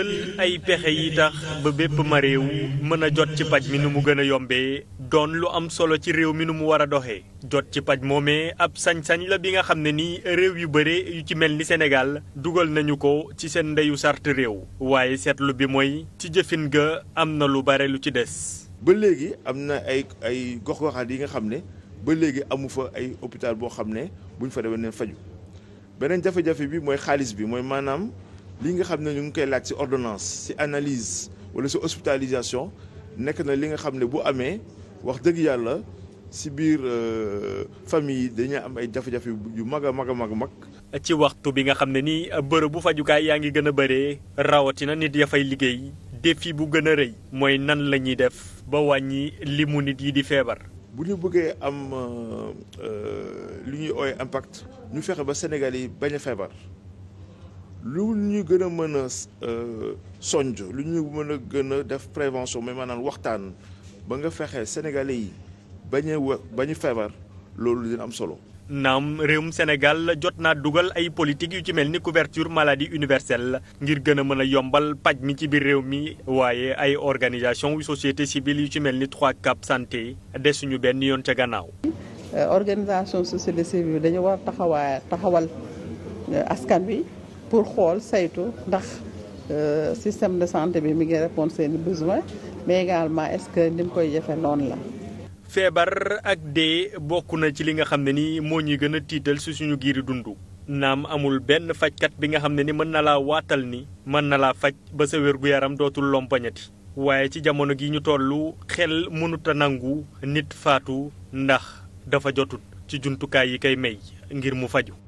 tël ay pexe yi tax ba bépp ma réew mën a jot ci paj mi nu mu gën a yombee doon lu am solo ci réew mi nu mu war a doxee jot ci paj moomee ab sañ-sañ la bi nga xam ne nii réew yu bare yu ci mel ni Sénégal dugal nañu ko ci seen ndeyu sart réew waaye seetlu bi mooy ci jëfin ga am na lu bare lu ci des ba léegi am na ay ay gox-goxaat yi nga xam ne ba léegi amu fa ay hôpital boo xam ne buñ fa demee neen faju beneen jafe-jafe bi mooy xaalis bi mooy maanaam li nga xam ne ñu ngi koy laaj si ordonnance si analyse walla si hospitalisation nekk na li nga xam ne bu amee wax dëgg yàlla si biir euh, famille yi dañuy am ay jafe-jafe yu mag a mag a mag mag. ci waxtu bi nga xam ne nii bërëb bu fajukaay yaa ngi gën a bëree rawatina nit ya fay liggéey défi bu gën a rëy mooy nan la ñuy def ba wàññi limu nit yi di feebar. bu ñu bëggee am euh, euh, lu ñuy ooy impact ñu fexe ba Sénégal yi bañ a feebar. lu ñu gën a mën a euh, sonj lu ñu mën a gën a def prévention mais maanaam waxtaan ba nga fexee sénégalais yi ba a wa bañ a feebar loolu dina am solo. naam réewum Sénégal jot naa dugal ay politique yu ci mel ni couverture maladie universelle ngir gën a mën a yombal paj mi ci biir réew mi waaye ay organisation yu société civile yu ci mel ni 3CAP santé suñu benn yoon ca gannaaw. Euh, organisation société civile dañu war taxawaa taxawal euh, askan wi. pour xool saytu ndax euh, système de santé bi mi ngi répondre seeni besoin mais également est-ce que ni mu koy jafe noonu la feebar ak dee bokk na ci li nga xam ne ni moo ñuy gën a tiital si suñu giiri dund naam amul benn fajkat bi nga xam ne ni mën na laa waatal ni mën na laa faj ba sa wér-gu-yaram dootul lompañati waaye ci jamono gi ñu tollu xel mënut a nangu nit faatu ndax dafa jotut ci jumtukaay yi koy may ngir mu faju